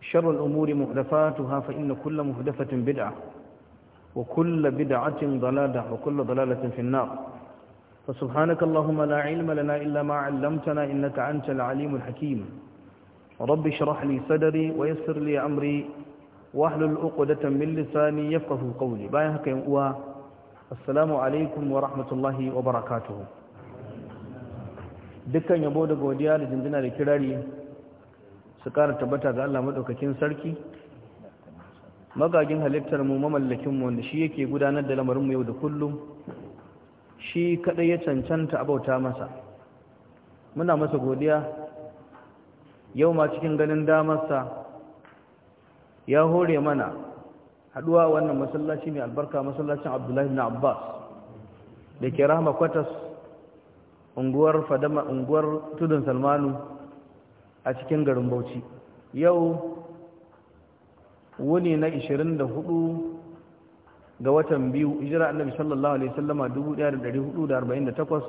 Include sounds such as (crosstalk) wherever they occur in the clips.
شر الأمور مهدفاتها فإن كل مهدفة بدعة وكل بدعة ضلالة وكل ضلالة في النار فسبحانك اللهم لا علم لنا إلا ما علمتنا إنك أنت العليم الحكيم رب اشرح لي صدري ويسر لي أمري وأهل الأقدة من لساني يفقه قولي بايعك يا السلام عليكم ورحمة الله وبركاته دكا يبودك وديالي جندنا لكراري su ƙara tabbata ga Allah maɗaukakin sarki magagin halittar mu mamallakin mu wanda shi yake gudanar da lamarin mu yau da kullum shi kaɗai ya cancanta abauta masa muna masa godiya yau ma cikin ganin damarsa ya hore mana haduwa wannan masallaci mai albarka masallacin Abdullahi na Abbas da ke Rahama kwatas unguwar tudun Salmanu a cikin garin bauchi yau wuni na 24 ga watan biyu hijira annabi sallallahu alaihi wasallama 1448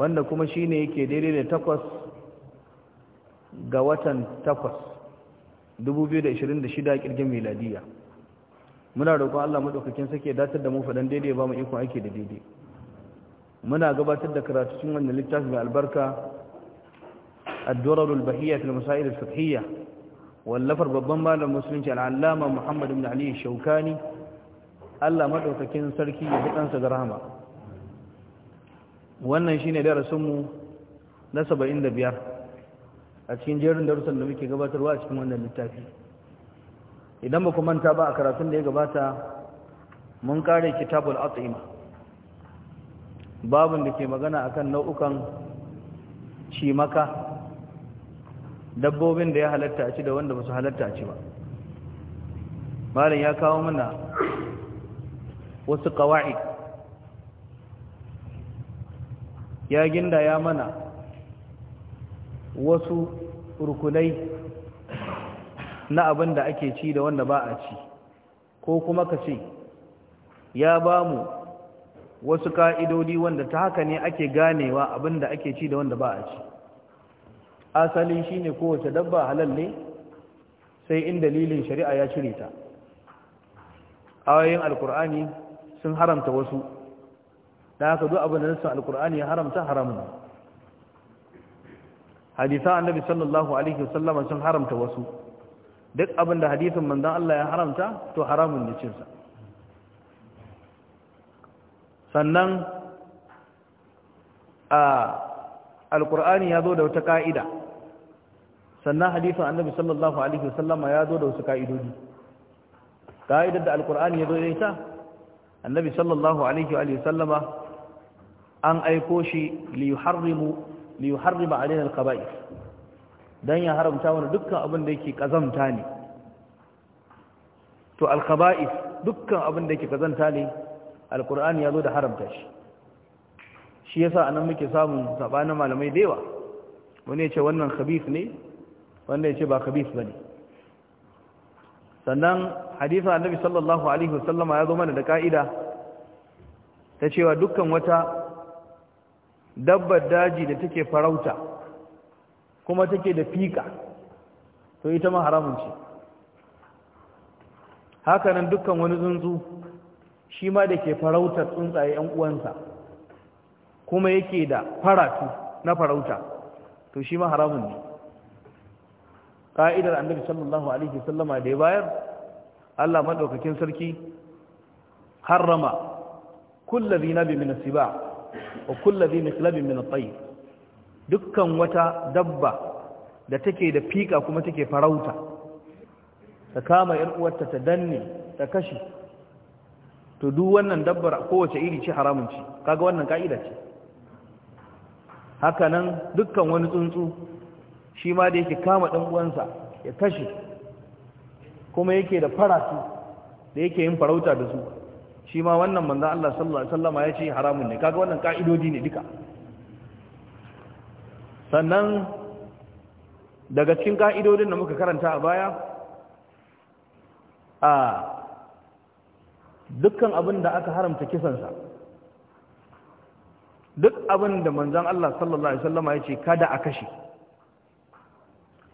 wanda kuma shine yake daidai da takwas ga watan takwas 2026 kirgin miladiya muna roƙon Allah madaukakin sake datar da mu fadan daidai ba mu iko aiki da daidai muna gabatar da karatu cikin wannan littafin albarka الدرر البهية في المسائل الفقهية wallafar babban malam musulunci al'allama Muhammad ibn Ali Shaukani Allah maɗaukakin sarki ya fi ɗansa da rahama wannan shine darasin mu na 75 a cikin jerin darussan da muke gabatarwa a cikin wannan littafi idan baku manta ba a karatun da ya gabata mun kare kitabul at'ima babun da ke magana akan nau'ukan cimaka dabbobin da ya halatta a ci da wanda ba su halatta a ci ba malam ya kawo mana wasu kawai ya ginda ya mana wasu rukunai na abin da ake ci da wanda ba a ci ko kuma ka ce ya ba mu wasu ka'idodi wanda ta haka ne ake ganewa abin da ake ci da wanda ba a ci asalin ne kowace dabba halal ne sai in dalilin shari'a ya cire ta ayoyin alkur'ani sun haramta wasu da haka duk abin da nasu alkur'ani ya haramta haramun hadisa annabi sallallahu alaihi wasallam sun haramta wasu duk abin da hadisin manzon Allah ya haramta to haramun ne cinsa sannan a alkur'ani ya zo da wata ka'ida sannan hadisin annabi sallallahu alaihi wasallam ya zo da wasu ka'idodi ka'idar da alkur'ani ya zo da ita annabi sallallahu alaihi wa sallama an aiko shi li yuharrimu li yuharrima alaina alqaba'is dan ya haramta wani dukkan abin da yake kazanta ne to alqaba'is dukkan abin da yake kazanta ne alkur'ani ya zo da haramta shi shi yasa anan muke samun sabanin malamai da yawa wani ya ce wannan khabith ne wanda ya ce ba kabis ba ne sannan hadisun annabi sallallahu alaihi wasallama ya zo mana da ka'ida ta cewa dukkan wata dabbar daji da take farauta kuma take da fika to ita ma haramun ce hakanan dukkan wani tsuntsu shi ma da ke farautar tsuntsaye 'yan uwansa kuma yake da faratu na farauta to shi ma haramun ne ka'idar annabi sallallahu alaihi wasallama da ya bayar Allah madaukakin sarki harrama kullu dhinabi min siba wa kullu dhin miqlabin min at-tayr dukkan wata dabba da take da fika kuma take farauta ta kama yar uwarta ta danne ta kashi to duk wannan dabbar kowace iri ce haramun ce kaga wannan ka'ida ce haka nan dukkan wani tsuntsu shi ma da yake kama ɗan uwansa ya kashe kuma yake da faratu da yake yin farauta da su shi ma wannan manzan Allah sallallahu alaihi wasallama ya ce haramun ne kaga wannan ka'idodi ne duka sannan daga cikin ka'idodin da muka karanta a baya a dukkan abin da aka haramta kisansa duk abin da manzan Allah sallallahu Alaihi wasallama ya ce kada a kashe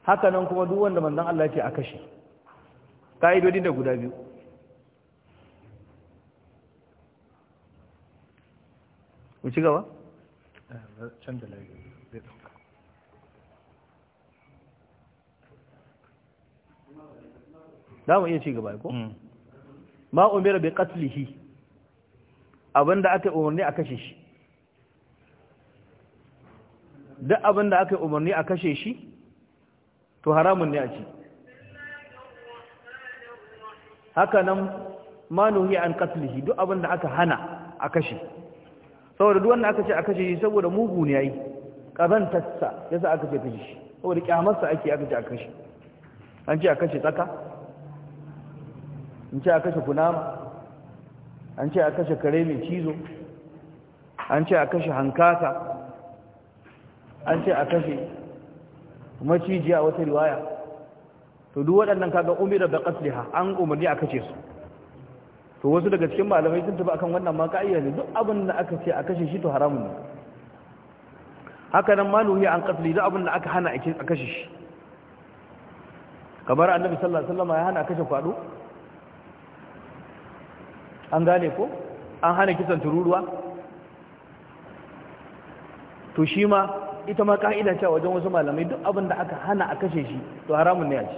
haka nan kuma duk wanda manzon Allah ce a kashe ka'idodi da guda biyu mu ci gaba za mu iya ci gaba ko hmm. ma umira bi qatlihi abinda aka umarni a kashe shi duk abinda aka umarni a kashe shi to haramun ne a ce? haka nan ma nuhi an qatlihi duk abin da aka hana a kashe saboda duk wanda aka ce a kashe saboda mugu ne yayi kazantarsa yasa aka ce kashe shi saboda kyamarsa ake aka ce a kashe an ce a kashe tsaka an ce a kashe kunama an ce a kashe kare mai cizo an ce a kashe hankasa, an ce a kashe maciji a wata riwaya to duk waɗannan kaga umira da qasliha an umarni a kace su to wasu daga cikin malamai sun tafi akan wannan ma ka'ida ne duk abin da aka ce a kashe shi to haramun ne haka nan maluhi an qatli duk abin da aka hana a kashe shi kamar annabi sallallahu alaihi wasallam ya hana kashe kwado an gane ko an hana kisan tururuwa to shi ma ita ma ka'ida ce wajen wasu malamai duk abin da aka hana a kashe shi to haramun ne a ce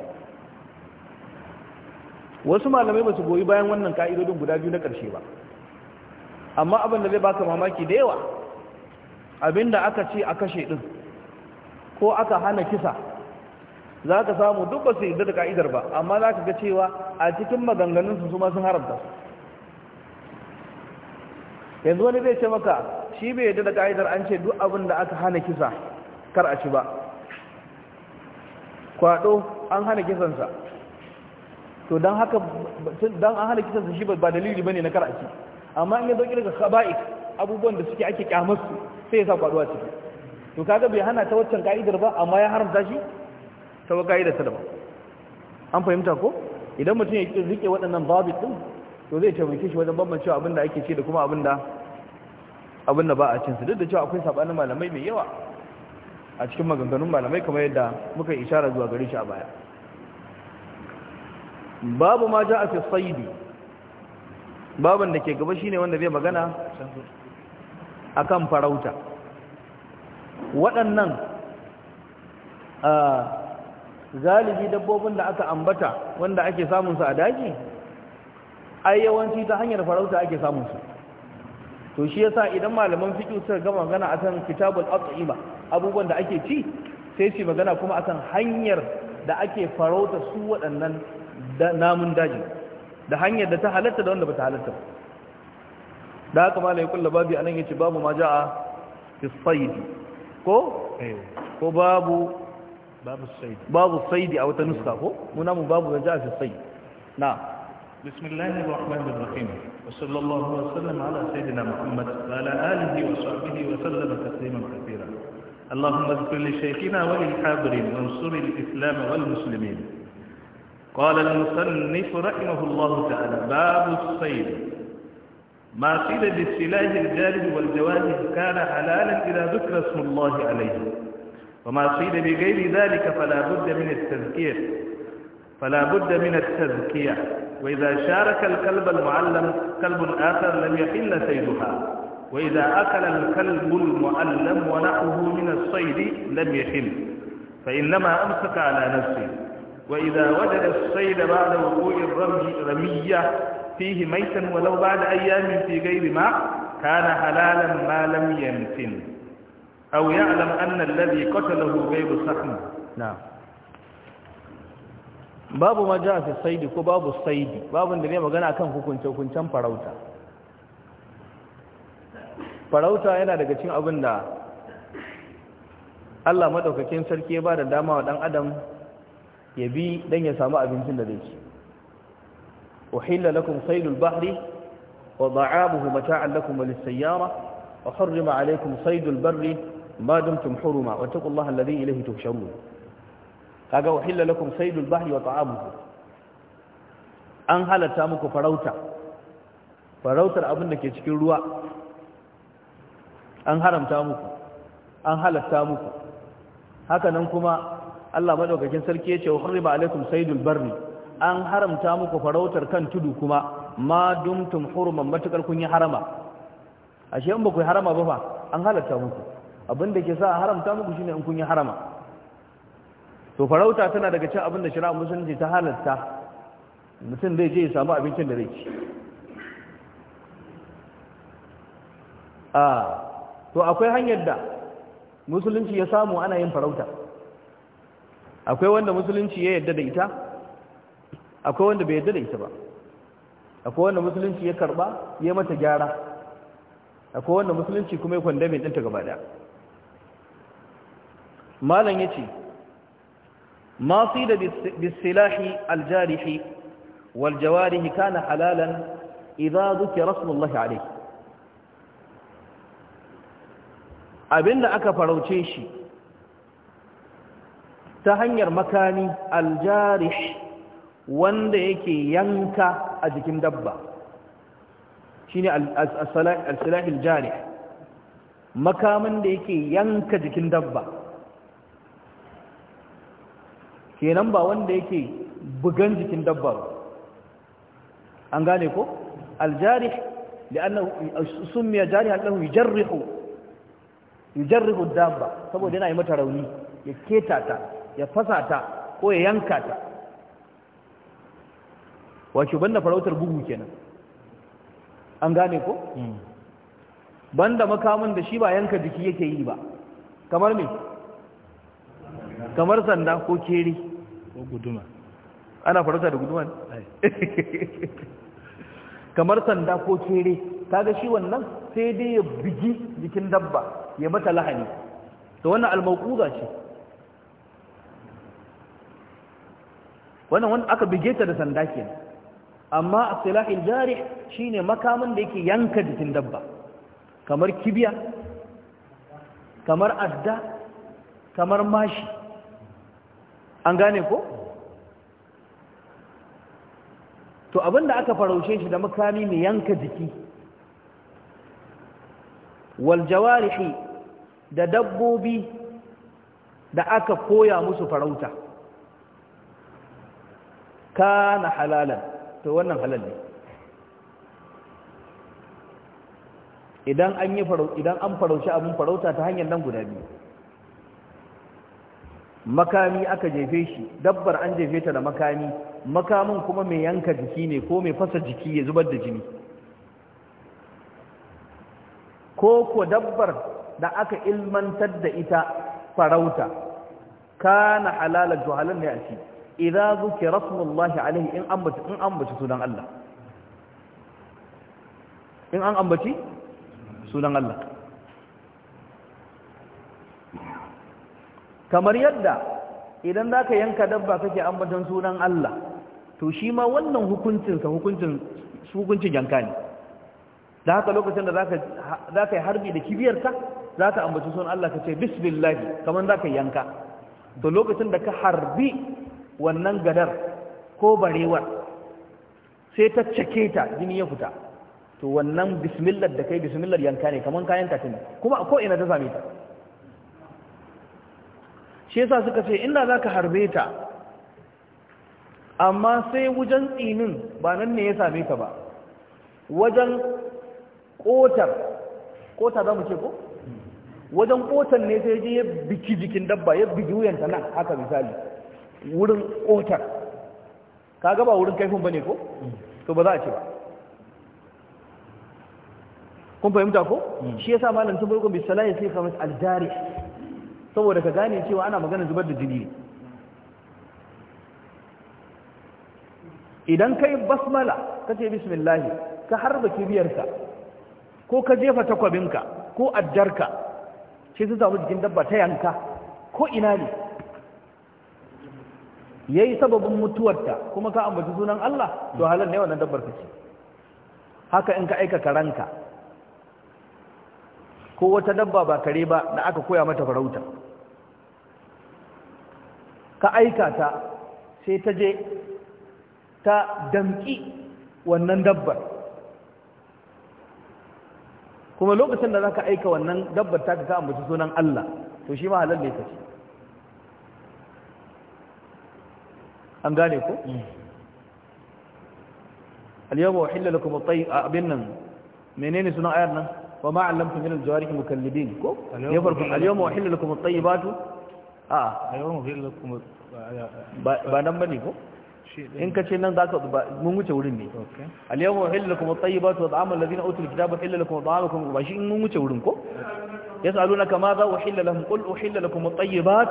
wasu malamai ba su goyi bayan wannan ka'idodin guda biyu na ƙarshe ba amma abin da zai baka mamaki da yawa abin da aka ce a kashe ɗin ko aka hana kisa za ka samu duk ba su yi da ka'idar ba amma za ka ga cewa a cikin maganganunsu su ma sun haramta su yanzu wani zai ce maka shi bai yadda da ka'idar an ce duk abin da aka hana kisa kar a ci ba kwado an hana kisansa to don haka don an hana kisansa shi ba dalili ne na kar a ci amma in ya zo kirga khaba'ik abubuwan da suke ake kyamarsu sai ya sa kwado a ciki to kaga bai hana ta waccan ka'idar ba amma ya haramta shi ta ka'idar ta ba an fahimta ko idan mutum ya rike waɗannan babu to zai taimake shi wajen bambance abin da ake ce da kuma abin da abin da ba a cinsu duk da cewa akwai sabanin malamai mai yawa a cikin maganganun malamai kamar yadda muka ishara zuwa gare shi a baya babu ma ja a fi saidi baban da ke gaba shine wanda zai magana akan farauta waɗannan ah, galibi dabbobin da aka ambata wanda ake samunsa a daji ai yawanci ta hanyar farauta ake samun su to shi yasa idan malaman fiqh suka gama magana akan kitabul at'ima abubuwan da ake ci sai su magana kuma akan hanyar da ake farauta su waɗannan namun daji da hanyar da ta halatta da wanda ba ta halatta da haka malai kullu babu anan yace babu ma ja'a fi sayd ko eh. ko babu babu sayd babu sayd a wata nuska ko mu babu ma ja'a fi sayd na'am بسم الله الرحمن الرحيم وصلى الله وسلم على سيدنا محمد وعلى آله وصحبه وسلم تسليما كثيرا اللهم اغفر لشيخنا وللحاضرين وانصر الإسلام والمسلمين قال المصنف رحمه الله تعالى باب الصيد ما قيل بالسلاح الجالب والجواهر كان حلالا إذا ذكر اسم الله عليه وما قيل بغير ذلك فلا بد من التذكير فلا بد من التذكير وإذا شارك الكلب المعلم كلب آخر لم يحل سيدها وإذا أكل الكلب المعلم ونحوه من الصيد لم يحل فإنما أمسك على نفسه وإذا وجد الصيد بعد وقوع الرمية فيه ميتا ولو بعد أيام في غير ماء كان حلالا ما لم يمتن أو يعلم أن الذي قتله غير سحن نعم babu ma ja fi saidi ko babu saidi babu da ne magana kan hukunce-hukuncen farauta farauta yana daga cin abin da Allah madaukakin sarki ya ba da dama wa ɗan adam ya bi don ya samu abincin da zai ci uhilla lakum saidul bahri wa da'abuhu mata'an lakum wa lis wa harrima alaykum saydul barri ma dumtum huruma wa taqullaha alladhi ilayhi tuhsharun kaga wa lakum saydul bahri wa ta'amuhu an halatta muku farauta farautar abin da ke cikin ruwa an haramta muku an halatta muku haka nan kuma Allah madaukakin sarki ya ce wa harriba alaikum saydul barri an haramta muku farautar kan tudu kuma ma dumtum huruman matakar kun yi harama ashe in ba ku harama ba fa an halatta muku abin da ke sa haramta muku shine in kun yi harama to farauta tana daga cin abin da shari'a musulunci ta halatta mutum zai je ya samu abincin da zai ci a to akwai hanyar da musulunci ya samu ana yin farauta akwai wanda musulunci ya yadda da ita akwai wanda bai yadda da ita ba akwai wanda musulunci ya karba ya mata gyara akwai wanda musulunci kuma ya kwandamin ɗinta gaba ɗaya malam ya ce ما صيد بالسلاح الجارح والجوارح كان حلالا إذا ذكر اسم الله عليه abinda aka farauce shi ta hanyar makani aljarish wanda yake yanka a jikin dabba shine al-silah al-jarih makamin da yake yanka jikin dabba kenan ba wanda yake bugan jikin dabba ba an gane ko aljarih li'annahu summiya jarihan lahu yujarrihu yujarrihu dabba saboda yana yi mata rauni ya keta ta ya fasa ta ko ya yanka ta wace banda farautar bugu kenan an gane ko hmm. banda makamin da shi ba yanka jiki yake yi ba kamar ne. kamar sanda ko keri ko guduma ana farauta da guduma (laughs) kamar sanda ko kere kaga shi wannan sai dai ya bugi jikin dabba ya mata lahani to wannan almauquza ce wannan wanda aka bige ta da sanda ke. amma asilahil jarih shine makamin da yake yanka jikin dabba kamar kibiya kamar adda kamar mashi an gane ko to abinda aka faraushe shi da makami mai yanka jiki wal jawarihi da dabbobi da aka koya musu farauta kana halalan to wannan halal ne idan an yi idan an farauci abin farauta ta hanyar nan guda biyu makami aka jefe shi dabbar an jefe ta da makami makamin kuma mai yanka jiki ne ko mai fasa jiki ya zubar da jini ko ko dabbar da aka ilmantar da ita farauta kana halalar juhalar ne a ci idan zuke rasulullahi alaihi in ambaci sunan Allah in an ambaci sunan Allah kamar yadda idan za ka yanka dabba kake ambatan sunan Allah to shi ma wannan hukuncinsa hukuncin yanka ne da haka lokacin da za ka yi harbi da kibiyarka za ka ambaci sunan Allah ka ce bismillahi kamar za ka yanka to lokacin da ka harbi wannan gadar ko barewar sai ta cake ta jini ya fita to wannan bismillah da kai bismillah yanka ne kamar ka yanka ta ne kuma a ina ta same ta shi yasa suka ce inda za ka harbe ta amma sai wajen tsinin ba nan ne ya same ka ba wajen ƙotar kota za mu ce ko? wajen ƙotar ne sai je ya biki jikin dabba ya bigi wuyanta nan haka misali wurin ƙotar ka ba wurin kaifin ba ne ko? to ba za a ce ba kun fahimta ko hmm. shi yasa malam tun bai bisala ya sai kamar aljari saboda ka gane cewa ana magana zubar da jini idan ka yi basmala ka ce bismillahi ka harba kibiyarka ko ka jefa takwabinka ko addarka ce su samu jikin dabba ta yanka ko ina ne ya yi sababin mutuwarta kuma ka ambaci sunan Allah to halar ne wannan dabbar kace haka in ka aika karanka ko wata dabba ba kare ba da aka koya mata farauta ka aikata sai ta je ta damƙi wannan dabbar kuma lokacin da za ka aika wannan dabbar ta ka ambaci sunan Allah to shi ma halal ka ce an gane ku? Mm. al-yawma uhilla kuma tsayi a abin nan menene sunan ayar nan Ba ma 'allamtum min al-jawarih mukallibin ko al-yawma kuma tsayi ba tu? a ba nan ba ne ko in ka ce nan za ka mun wuce wurin ne aliyahu hilla kuma tsayiba su za'amun lafi na otul kitaba hilla lakum ta'amukum ba shi mun wuce wurin ko يسألونك ماذا أحل لهم قل أحل لكم الطيبات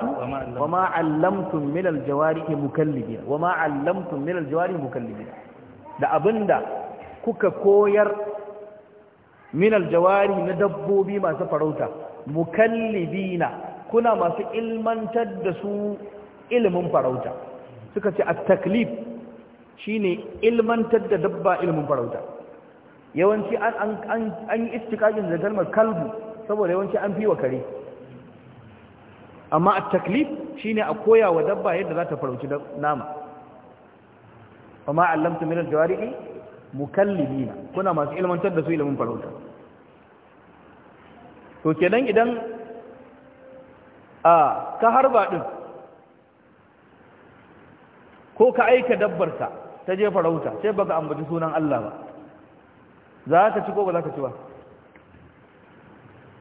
وما علمتم من الجوارح مكلبين وما علمتم من الجوارح مكلبين da abinda kuka koyar min aljawari na dabbobi masu farauta mukallibina kuna masu ilmantar da su ilimin farauta suka ce a taklif shine ilmantar da dabba ilimin farauta yawanci an an an yi istiqaqin da kalmar kalbu saboda yawanci an fi wa kare amma a taklif shine a koya wa dabba yadda za ta farauci nama amma allamtu min al-jawari'i mukallibina kuna masu ilmantar da su ilimin farauta to kenan idan a ka harba ɗin ko ka aika dabbarta ta je farauta sai ba ka ambaci sunan Allah ba za ka ci ko ba za ka ci ba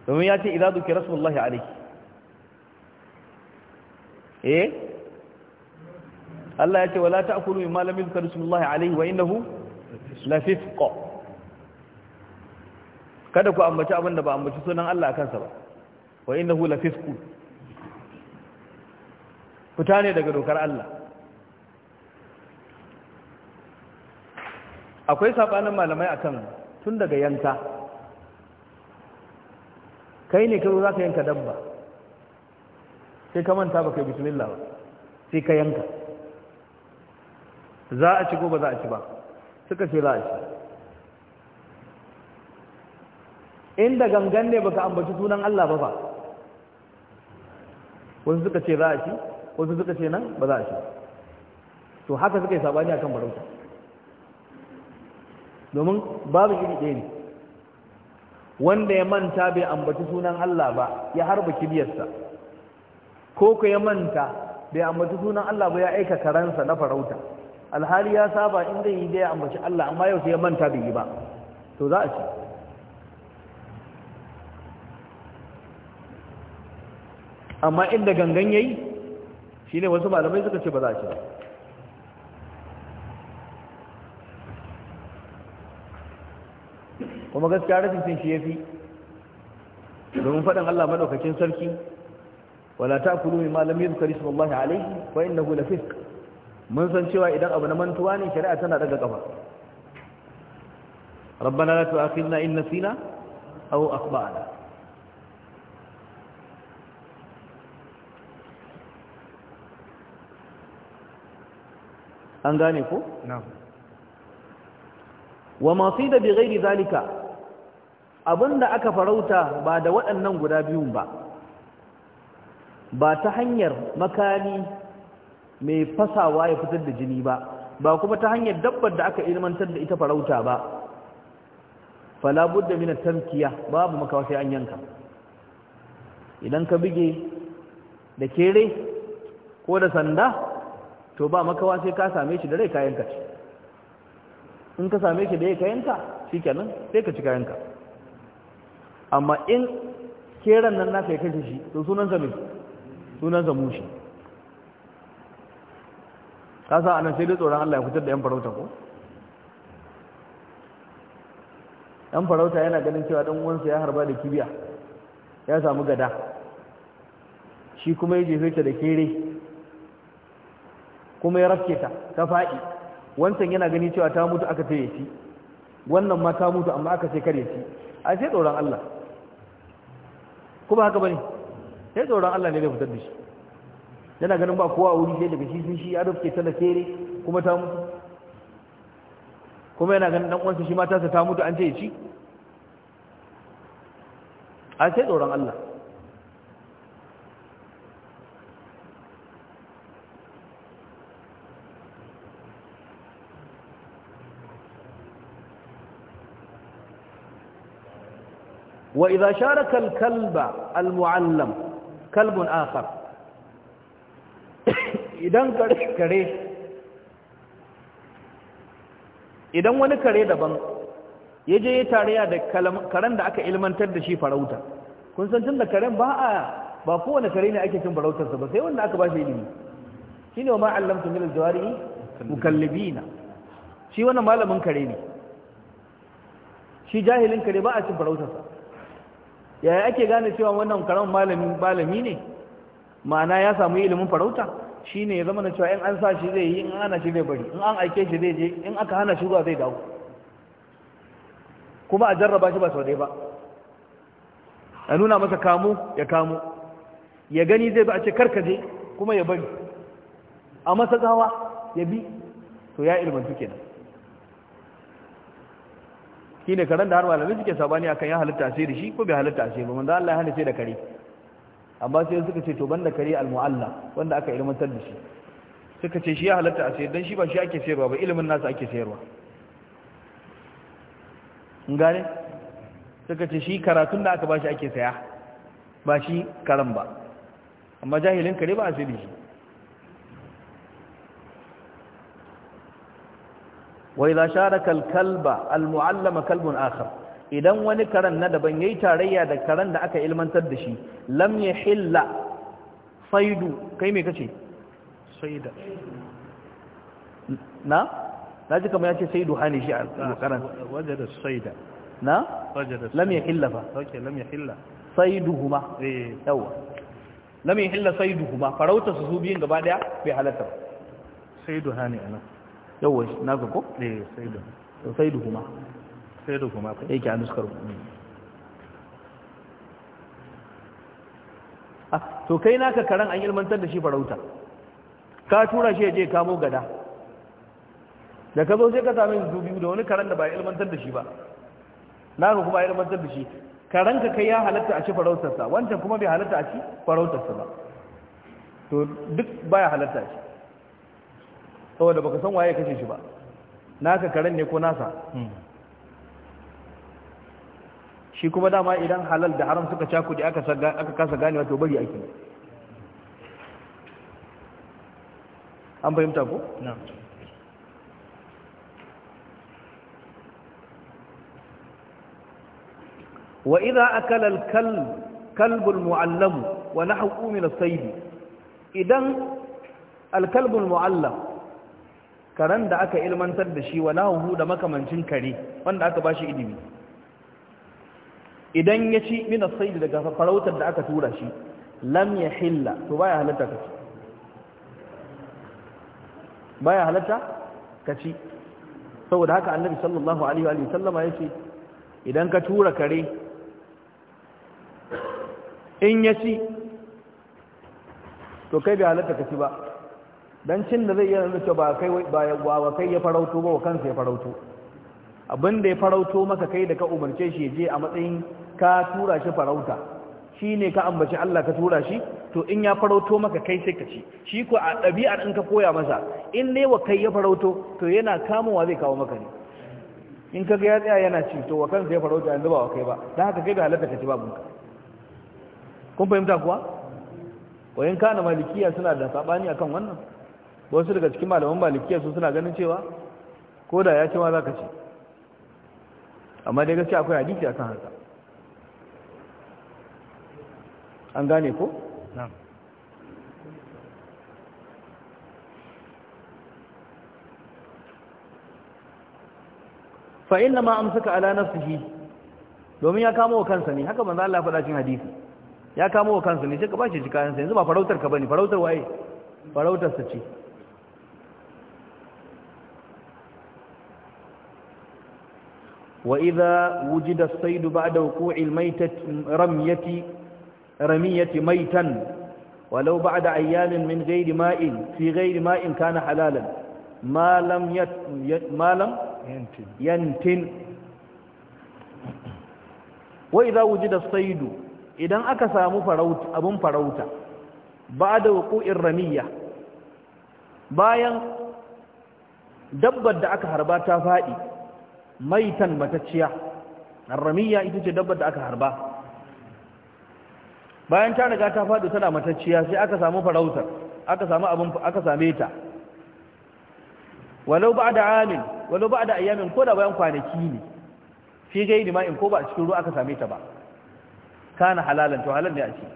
domin ya ce idan duki rasulullahi alaiki eh Allah ya ce wala ta'kulu mimma lam yuzkar rasulullahi alaihi wa innahu lafifqa kada ku ambaci abin da ba ambaci sunan Allah kansa ba wa innahu lafifqu fita ne daga dokar Allah akwai sabanin malamai akan tun daga yanka kai ne za ka yanka dabba sai ka manta kai bismillah ba sai ka yanka za a ci ko ba za a ci ba suka ce za a ci inda gangan ne ba ka ambaci sunan Allah ba ba wasu suka ce za a ci wasu suka ce nan ba za a to haka suka yi sabani akan farauta domin babu iri ɗaya ne wanda ya manta bai ambaci sunan Allah ba ya harba kibiyarsa ko ku ya manta bai ambaci sunan Allah ba ya aika karansa na farauta alhali ya saba in zai yi da ya ambaci Allah amma yau sai ya manta bai yi ba to za a ci amma inda gangan yayi shi ne wasu malamai suka ce ba za a ci kuma gaskiya rashin cin shi ya fi domin faɗin Allah maɗaukakin sarki wala ta kulu mai malamai su risu Allah alaihi wa na hula fisk mun san cewa idan abu na mantuwa ne shari'a tana daga ƙafa ربنا لا تؤاخذنا in نسينا aw akhtana an gane ko wa masu da bigairi zalika abinda aka farauta ba da waɗannan guda biyun ba ba ta hanyar makani mai fasawa ya fitar da jini ba ba kuma ta hanyar dabbar da aka ilmantar da ita farauta ba falabudda minar tamkiya babu makawa an yanka idan ka bige da kere ko da sanda to ba makawa sai ka same shi da rai kayanka ce in ka same shi da rai kayanka shi kenan sai ka ci kayanka amma in keran nan na ya kashe shi to sunan zame sunan zamu shi ka sa anan sai dai tsoron Allah ya fitar da yan farauta ko yan farauta yana ganin cewa dan uwansa ya harba da kibiya ya samu gada shi kuma ya jefe ta da kere kuma ya rafke ta ta faɗi wancan yana gani cewa ta mutu aka ce shi wannan ma ta mutu amma aka ce kar ya ci a sai tsoron Allah kuma haka bane sai tsoron Allah ne zai fitar da shi yana ganin ba kowa wuri sai daga shi sun shi ya rafke ta da kuma ta mutu kuma yana ganin dan uwansa shi matarsa ta mutu an ce ya ci a sai tsoron Allah وإذا شارك الكلب المعلم كلب آخر idan kare idan wani kare daban ya je ya tarayya da karen da aka ilmantar da shi farauta kun san tun da karen ba a ba kowane kare ne ake cin farautarsa ba sai wanda aka ba shi ilimi shi ne wa ma'allamtu min al-jawari mukallibina shi wannan malamin kare ne shi jahilin kare ba a cin farautarsa yaya ake gane cewa wannan karan malami malami ne ma'ana ya samu ilimin farauta shine ya zama na cewa in an sa shi zai yi in ana shi zai bari in an aike shi zai je in aka hana shi zuwa zai dawo kuma a jarraba shi ba sau dai ba a nuna masa kamu ya kamu ya gani zai ba a ce je kuma ya bari a masa gawa ya bi to ya ilmantu kenan shi ne karen da har malamai suke sabani akan ya halitta sai da shi ko bai halitta sai ba manzo Allah ya hana sai da kare amma sai suka ce to banda kare al-mu'alla wanda aka ilmantar da shi suka ce shi ya halitta sai dan shi ba shi ake sayarwa ba ilimin nasa ake sayarwa in gane suka ce shi karatun da aka ba shi ake saya ba shi karan ba amma jahilin kare ba a sayar da shi wa idza sharaka al-kalba al-mu'allama kalbun akhar idan wani karan na daban yayi tarayya da karan da aka ilmantar da shi lam yahilla saidu kai me kace saida na naji kamar ce saidu hani shi a karan wajada saida na wajada lam yahilla fa okay lam yahilla saiduhuma eh yawa lam yahilla saiduhuma farauta su biyun gaba daya bai halatta saidu hani anan yawon ga ko? ne eh, sai da kuma sai da kuma yake a mm. ah, to kai naka karen an ilmantar da shi farauta ka tura shi ya je kamo gada da ka zo sai ka sami su biyu da wani karen da ba ilmantar da shi ba naka kuma ilmantar da shi karen ka kai ya halatta a ci farautarsa wancan kuma bai halatta a ci farautarsa ba to duk baya halatta a ci saboda baka san waye kace shi ba naka karen ne ko nasa shi kuma dama idan halal da haram suka cakuɗe aka saga aka kasa ganewa to bari ake an bayyanta ko? na'am wa idha akala al-kalb kalb al-mu'allam wa nahwu min as-sayd idan al-kalb al-mu'allam karen da aka ilmantar da shi wala hu da makamancin kare wanda aka ba shi ilimi idan ya ci min as-sayd daga farautar da aka tura shi lam ya yahilla to baya halatta kaci baya halatta kaci saboda haka annabi sallallahu alaihi wa sallama ya ce idan ka tura kare in ya ci to kai bai halatta ci ba dan cin da zai yi yanzu cewa ba kai ba kai ya farauto ba wa kansa ya farauto abin da ya farauto maka kai da ka umarce shi je a matsayin ka tura shi farauta shi ne ka ambaci Allah ka tura shi to in ya farauto maka kai sai ka ci shi ko a ɗabi'ar in ka koya masa in ne wa kai ya farauto to yana kamowa zai kawo maka ne in ka ga ya tsaya yana ci to wa kansa ya farauta yanzu ba wa kai ba dan haka kai bai halatta ka ci babun ka kun fahimta kuwa wayan kana malikiya suna da sabani akan wannan wasu daga cikin malaman malikiya su suna ganin cewa ko da ya ce ma za ka ce amma dai gaske akwai hadisi akan haka an gane ko? na'am fa ma an suka ala nafsihi domin ya kamo wa kansa ne haka manzo Allah ya hadisi ya kamo wa kansa ne shi ka bashi shi kayan sai yanzu ba farautar ka bane farautar waye farautar su ce وإذا وجد الصيد بعد وقوع الميتة رمية رمية ميتا ولو بعد أيام من غير ماء في غير ماء كان حلالا ما لم يت ما لم ينتن, ينتن وإذا وجد الصيد إذا أكسام فروت أبن فروت بعد وقوع الرمية باين دبد da aka harba maitan matacciya arramiya ita ce dabbar da aka harba bayan ta riga ta faɗo tana matacciya sai aka samu farautar aka samu abin aka same ta walau ba da amin walau ba da ayyamin ko da bayan kwanaki ne fi gai da ma'in ko ba a cikin ruwa aka same ta ba kana halalan to halal ne a ce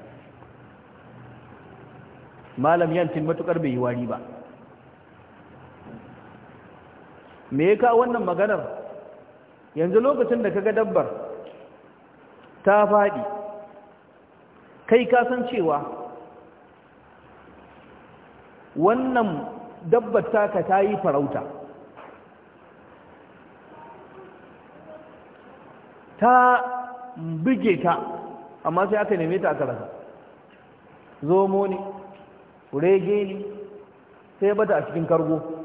malam yantin matukar bai yi wari ba me ya kawo wannan maganar yanzu lokacin da kaga dabbar ta faɗi kai ka san cewa wannan dabbar ka ta yi farauta ta buge ta amma sai aka neme ta aka zomo ne rege ne sai bata a cikin kargo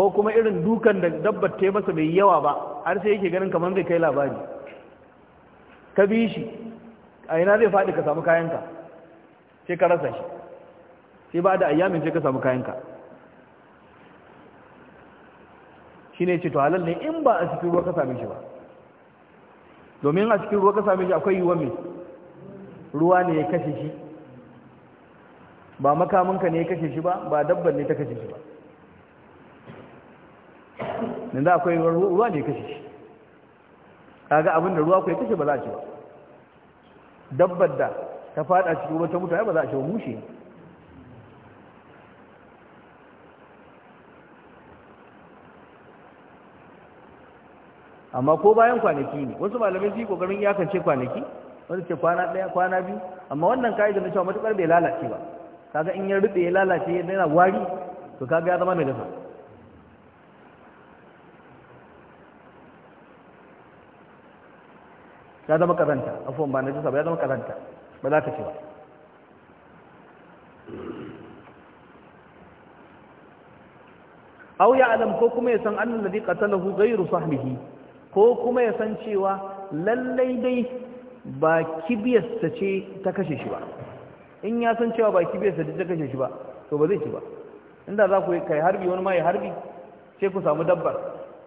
ko kuma irin dukan da dabbar ta masa bai yawa ba har sai yake ganin kamar zai kai labari ka bi shi a ina zai faɗi ka samu kayanka sai ka rasa shi sai ba da ayyamin sai ka samu kayanka shi ne ce to halal ne in ba a cikin ruwa ka same shi ba domin a cikin ruwa ka same shi akwai yiwuwa mai ruwa ne ya kashe shi ba makamanka ne ya kashe shi ba ba dabbar ne ta kashe shi ba yanzu akwai ruwa ne kashe shi kaga abin da ruwa kai kashe ba za a ce ba dabbar da ta fada cikin wata mutane ba za a ce ba mushe amma ko bayan kwanaki ne wasu malamai su yi kokarin yakance kwanaki wani ce kwana ɗaya kwana biyu amma wannan ka'idar na cewa matuƙar bai lalace ba kaga in yin rube ya lalace yana wari to kaga ya zama mai nufa ya zama kazanta afuwan ba na jisa ba ya zama kazanta ba za ka ce ba au ya alam ko kuma ya san annal ladhi qatalahu rufa sahbihi ko kuma ya san cewa lallai dai ba kibiyarsa ce ta kashe shi ba in ya san cewa ba kibiyarsa ce ta kashe shi ba to ba zai ci ba inda za ku kai harbi wani ma ya harbi sai ku samu dabbar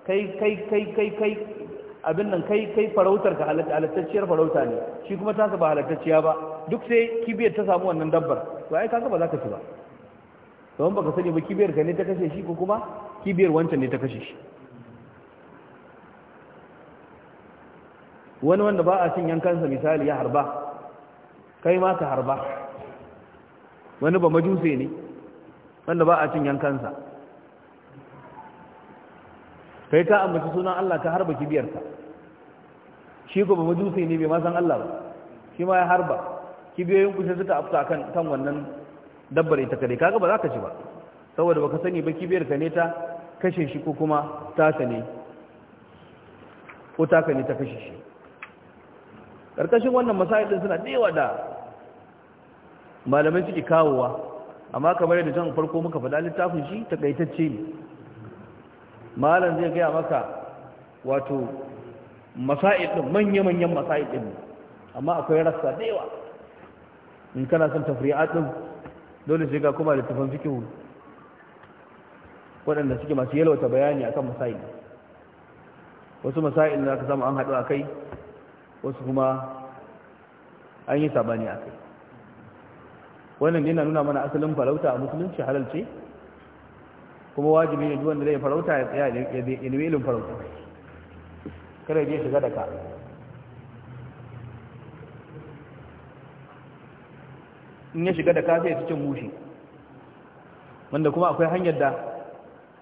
kai kai kai kai kai abin nan kai kai farautar ka halattacciyar farauta ne shi kuma ta ba halattacciya ba duk sai kibiyar ta samu wannan dabbar to ai kaga ba za ka ci ba don baka sani ba kibiyar ka ne ta kashe shi ko kuma kibiyar wancan ne ta kashe shi wani wanda ba a cin yankansa misali ya harba kai ma ka harba wani ba majuse ne wanda ba a cin yankansa kai ka ambaci sunan Allah ka harba kibiyarka shi ko ba majusi ne bai ma san Allah ba shi ma ya harba kibiyoyin kusa suka afka kan kan wannan dabbar ita kare kaga ba za ka ci ba saboda baka sani ba kibiyarka ne ta kashe shi ko kuma taka ne ko ka ne ta kashe shi karkashin wannan masail din suna dewa da malamai suke kawowa amma kamar yadda jan farko muka faɗa littafin shi takaitacce ne malam zai gaya maka wato masa'idin manya-manyan masa'idin amma akwai rassa da yawa in kana son tafri'atin dole sai ga kuma littafin fikihu waɗanda suke masu yalwata bayani akan masa'il wasu masa'il da ka samu an haɗu a kai wasu kuma an yi sabani a kai wannan yana nuna mana asalin farauta a musulunci halalce kuma wajibi ne duwanda zai farauta ya tsaya ya nemi ilin farauta kada je shiga da ka in ya shiga da ka sai cin mushi wanda kuma akwai hanyar da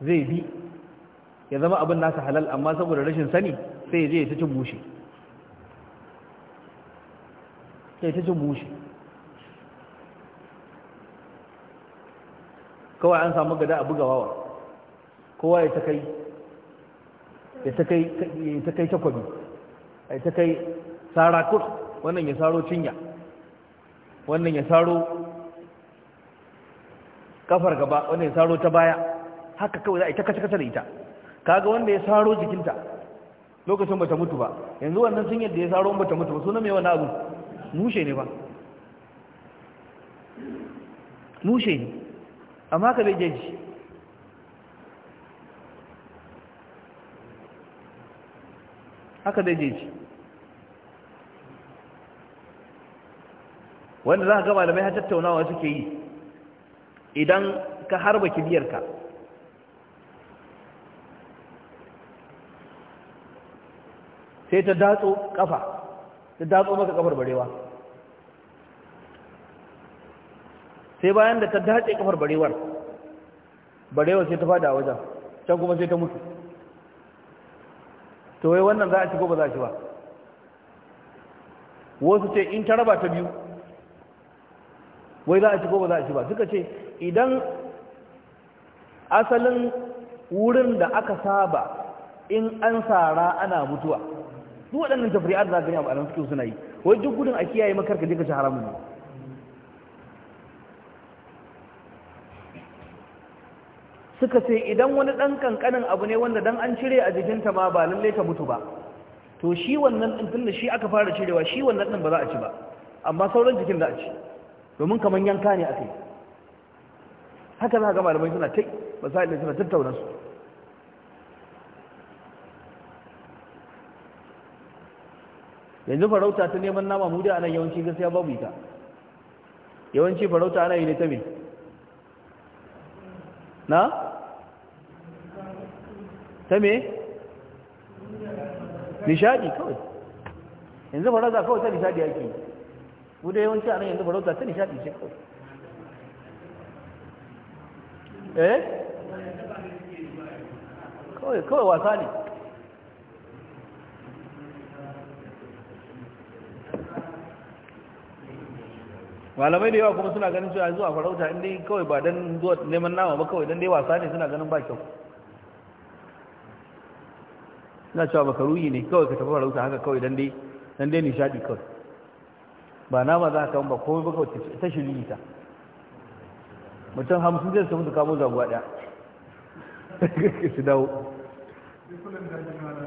zai bi ya zama abin nasa halal amma saboda rashin sani sai je ya cin mushi sai ta cin mushi kawai an samu gada a buga wawa kowa ya ta kai ya ta kai ya takwabi ya ta kai sara wannan ya saro cinya wannan ya saro kafar gaba wannan ya saro ta baya haka kawai za a yi ta kasa kasa da ita kaga wanda ya saro jikinta lokacin bata mutu ba yanzu wannan sun yadda ya saro bata mutu ba suna mai wani abu mushe ne ba mushe ne amma ka bai jeji haka zai je wanda za ka ga malamai har tattaunawa suke yi idan ka harba kibiyarka sai ta datso kafa ta datso maka kafar barewa sai bayan da ta datse kafar barewar barewar sai ta fada a wajen can kuma sai ta mutu to wai wannan za a ci ko ba za a ci ba wasu ce in ta raba ta biyu wai za a ci ko ba za a ci ba suka ce idan asalin wurin da aka saba in an sara ana mutuwa duk waɗannan tafriyar za a gani a ɓaran suke suna yi wai duk gudun a kiyaye makarka je ka haramun ne suka ce idan wani ɗan ƙanƙanin abu ne wanda dan an cire a jikinta ma ba lalle ta mutu ba to shi wannan ɗin tun da shi aka fara cirewa shi wannan ɗin ba za a ci ba amma sauran jikin da a ci domin kamar yanka ne aka yi haka za ga malamai suna ta da suna tattauna su yanzu farauta ta neman nama mu da anan yawanci gaskiya babu ita yawanci farauta ana yi ne ta me na ta me nishadi kawai yanzu farauta kawai ta nishadi ake ku da yawanci a nan yanzu farauta ta nishadi ce kawai eh kawai kawai wasa ne malamai da yawa kuma suna ganin cewa zuwa farauta inda kawai ba don zuwa neman nama ba kawai don dai wasa ne suna ganin ba kyau na cewa makaruhi ne kawai ka tafi farauta haka kawai dan dai dan dai nishadi kawai ba nama za ka ba komai ba kawai ta shiriri ta mutum hamsin zai samu su kamo zaguwa ɗaya (laughs) su dawo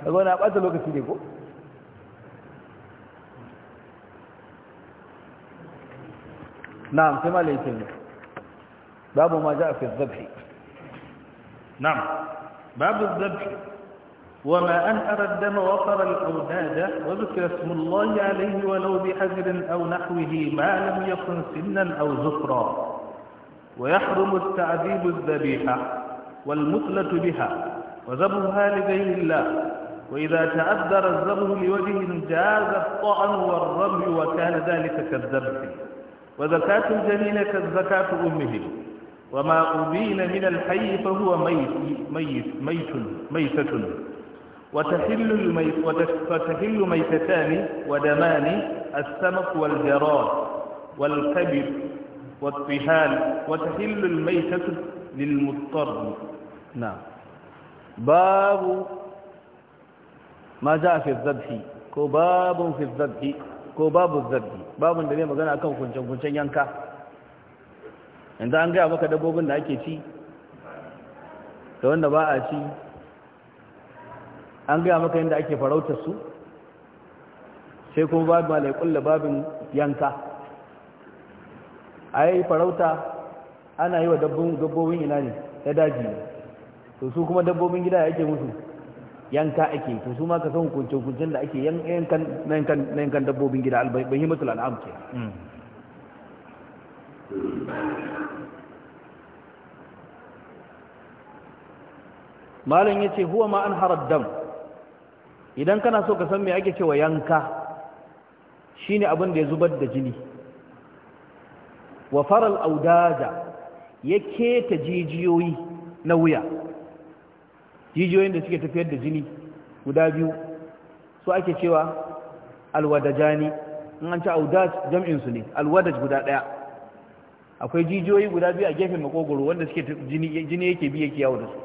a zaune a ɓata lokaci ne ko na'am sai ma ce ne babu ma ja a fi zafi na'am babu zafi وما أنهر الدم وقر الأوداد وذكر اسم الله عليه ولو بحجر أو نحوه ما لم يكن سنا أو زفرا ويحرم التعذيب الذبيحة والمثلة بها وذبها لغير الله وإذا تعذر الذبح لوجه جاز الطعن والرمي وكان ذلك كالذبح وزكاة الجنين كالزكاة أمه وما أبين من الحي فهو ميت ميت ميت ميتة ميت وتحل وتحل ميتتان ودمان السمك والجراد والكبد والطهان وتحل الميتة للمضطر نعم باب ما جاء في الذبح كباب في الذبح كباب الذبح باب من دليل مغانا أكون كنشان كنشان ينكا عندما أنقع وكذا بوبن نأكي شيء كون نباع شيء an gaya maka yadda ake farautar su sai kuma babu malai kulle babin yanka a yi farauta ana yi wa dabbobin ina ne ta daji ne to su kuma dabbobin gida ake musu yanka ake to su ma ka san hukuncin da ake yankan dabbobin gida albayin matul al'am ke hmm. malin ya ce huwa ma an harar dam idan kana so ka san me ake cewa yanka shine abin da ya zubar da jini wa faral audaja ya keta jijiyoyi na wuya jijiyoyin da suke tafiyar da jini guda biyu su ake cewa alwadajani in an ci audaj jam'in su ne alwadaj guda daya akwai jijiyoyi guda biyu a gefen makogoro wanda suke jini yake biye kiyawo da su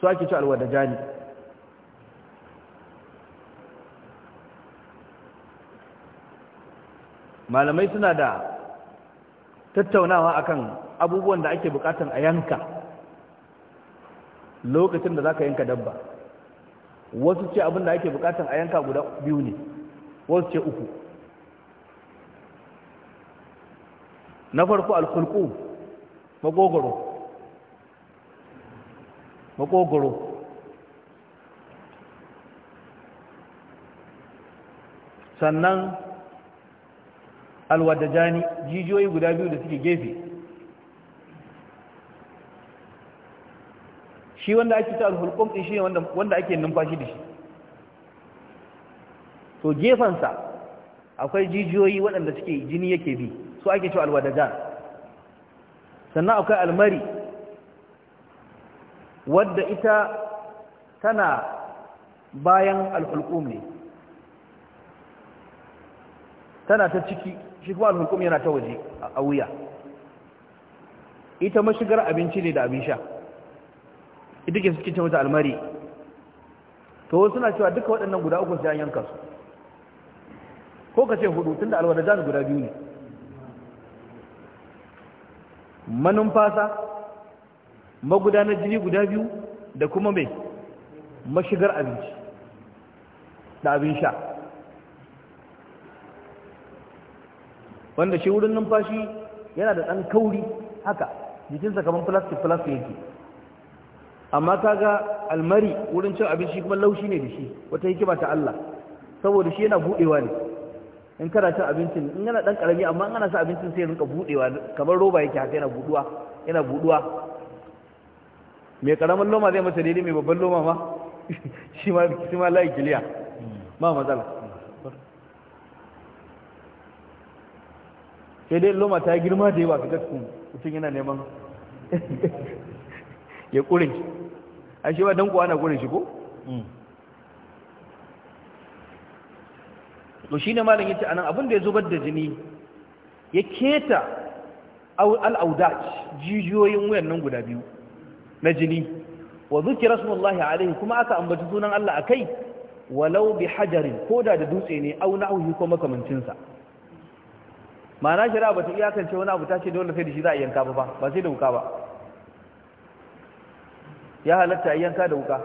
su ake cewa alwadajani malamai suna da tattaunawa akan abubuwan da ake bukatan a yanka lokacin da zaka yanka dabba wasu ce abin da ake bukatan a yanka guda biyu ne wasu ce uku na farko alkulku magogoro makogoro sannan alwadajani jijiyoyi guda biyu da suke gefe shi wanda ake ta alhulkum din shi wanda ake numfashi da shi to gefansa akwai jijiyoyi waɗanda suke jini yake bi su ake cewa alwadajan sannan akwai almari wadda ita tana bayan alhulkum ne tana ta ciki shi kuma alhukum yana ta waje a wuya ita mashigar abinci ne da abin sha ita ke suke ce almari to suna cewa duka waɗannan guda uku sai an yanka su ko ka ce hudu alwada alwadajan guda biyu ne manumfasa magudanar jini guda biyu da kuma mai mashigar abinci da abin sha wanda shi wurin numfashi yana da ɗan kauri haka jikinsa kamar plastic plastic yake amma ta ga almari wurin cin abinci kuma laushi ne da shi wata hikima ta Allah saboda shi yana buɗewa ne in kana cin abincin in yana ɗan ƙarami amma in ana sa abincin sai rinka buɗewa kamar roba yake haka yana buɗuwa yana buɗuwa mai ƙaramin loma zai masa daidai mai babban loma ma (laughs) shi ma layi kiliya ma matsala sai dai loma ta girma da yawa ga cikin mutum yana neman ya ƙurin shi a shi ba don kuwa ana ƙurin shi ko? Mm. to shi ne malin yace anan abinda ya zubar da jini ya keta al'audat jijiyoyin wuyan nan guda biyu na jini wa zuki rasulullahi alaihi kuma aka ambaci sunan Allah a kai walau bi hajarin ko da da dutse ne auna na'uhi ko makamancinsa ma'ana shari'a ba ta iyakance wani abu ta ce dole sai da shi za a yanka ba ba sai da wuka ba ya halatta a yanka da wuka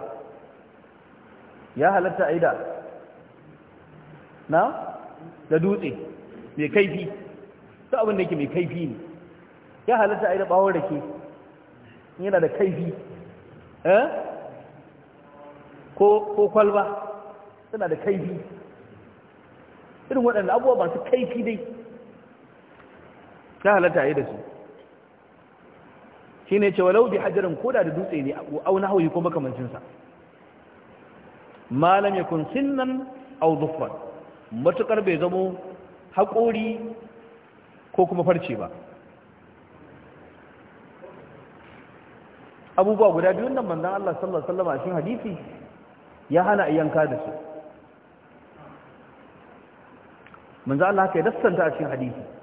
ya halatta a yi da na da dutse mai kaifi ta abin da yake mai kaifi ne ya halatta a yi da bawon rake yana da kaifi eh ko kwalba suna da kaifi irin waɗanda abubuwa masu kaifi dai ta halatta yi da su shi ne cewa laubi hajjarin koda da dutse ne a auna hauyi ko makamancinsa malam ya kun sinnan au zuffan matukar bai zamo haƙori ko kuma farce ba abubuwa guda biyun nan manzan Allah sallallahu Alaihi wasallam a cikin hadisi ya hana a yanka da su manzan Allah haka ya dassanta a cikin hadisi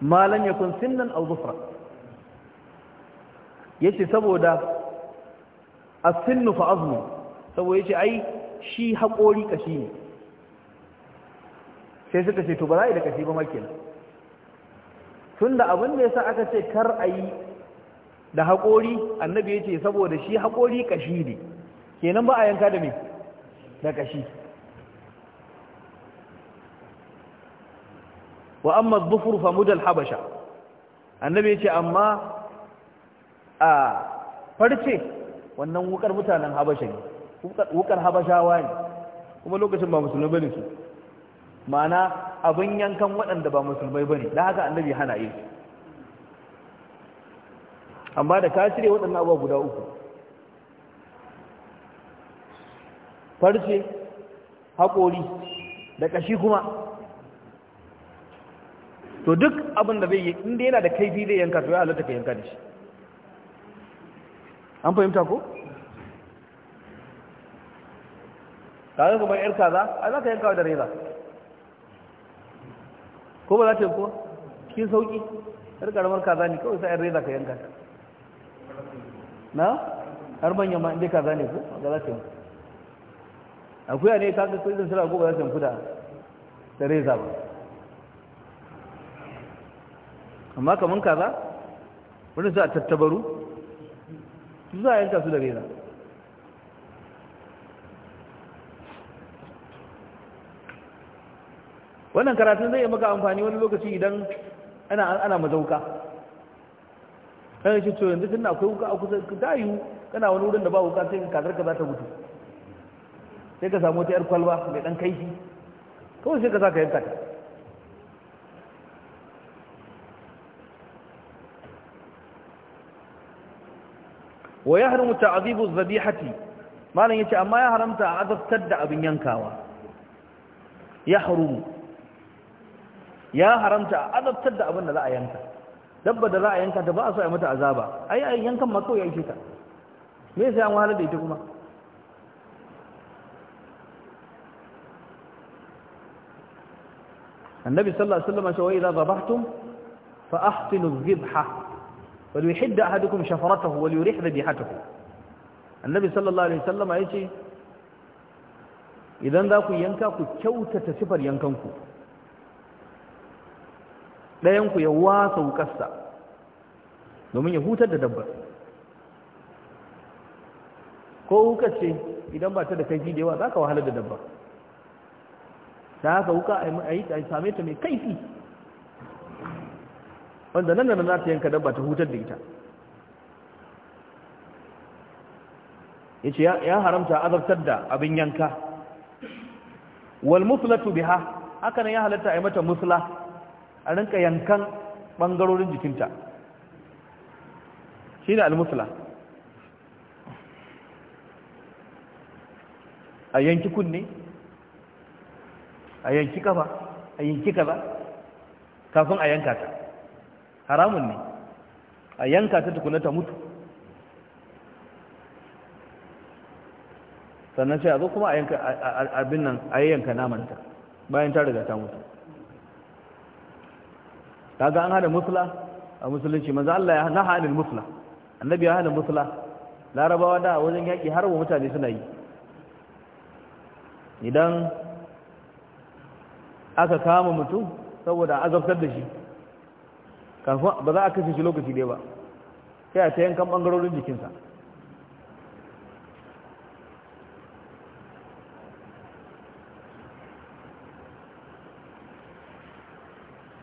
ma lam yakun sinnan aw ya yace saboda as-sinnu fa azmu saboda yace ai shi haƙori kashi ne sai suka ce to ba za a yi da kashi ba makin tunda abin da yasa aka ce kar a yi da haƙori annabi yace saboda shi haƙori kashi ne kenan ba a yanka da me da kashi wa amma dhufur fa mudal habasha annabi yace amma a farce wannan wukar mutanen habasha ne wukar habashawa ne kuma lokacin ba musulmai bane su ma'ana abin yankan waɗanda ba musulmai bane da haka annabi hana yi amma da ka cire waɗannan abubuwa guda uku farce haƙori da ƙashi kuma to duk abin da zai yi inda yana da kaifi zai yanka to ya halatta ka yanka da shi an fahimta ko zai kuma yarka kaza a za ka yanka da reza ko ba za ta yi ko kin sauki har karamar kaza ne kawai sa reza ka yanka na har manyan ma inda kaza ne ko ga za ta yi akuya ne ka ga izin sura ko ba za ta yi kuda da reza ba amma kaman kaza wani za a tattabaru su za a yanka su da rera wannan karatun zai yi maka amfani wani lokaci idan ana mazauka kai shi to yanzu tun akwai wuka a kusa ka yi kana wani wurin da ba wuka sai kazar ka za ta mutu sai ka samu ta yar kwalba mai ɗan kaifi kawai sai ka sa ka yanka ta ويحرم تعذيب الذبيحة ما لن يتعى ما يحرم تعذف تدع بن ينكاوى يحرم يا حرم تعذف تدع بن لا ينكا دب دلاء ينكا تبع صعمة عذابا أي أي ينكا مكو يأيشيكا ليس يا مهالة ديتكما النبي صلى الله عليه وسلم شوه إذا ضبحتم فأحسنوا الذبحة فليحد أحدكم شفرته وليريح annabi النبي صلى الله عليه وسلم يقول idan za ku yanka ku kyautata sifar yankanku ɗayanku ya wasa wukarsa domin ya hutar da dabbar ko wukar ce idan ba ta da kaifi da yawa za ka wahalar da dabba ta haka wuka a yi same ta mai kaifi wanda nan da za ta yanka dabba ta hutar da ita yace ya haramta azabtar da abin yanka wal muslatu biha haka ne ya halatta a mata musla a rinka yankan bangarorin jikinta shine al musla a yanki kunne a yanki kafa a yanki kaza kafin a yanka ta haramun ne a yanka ta tukuna ta mutu sannan sai a zo kuma a yanka abin nan a yanka namanta bayan ta riga ta mutu kaga an hada musula a musulunci maza Allah ya na halin musula annabi ya hana musula larabawa da wajen yaƙi har mutane suna yi idan aka kama mutum saboda azabtar da shi kafin ba za a kashe shi lokaci ɗaya ba sai a ta yankan ɓangarorin jikinsa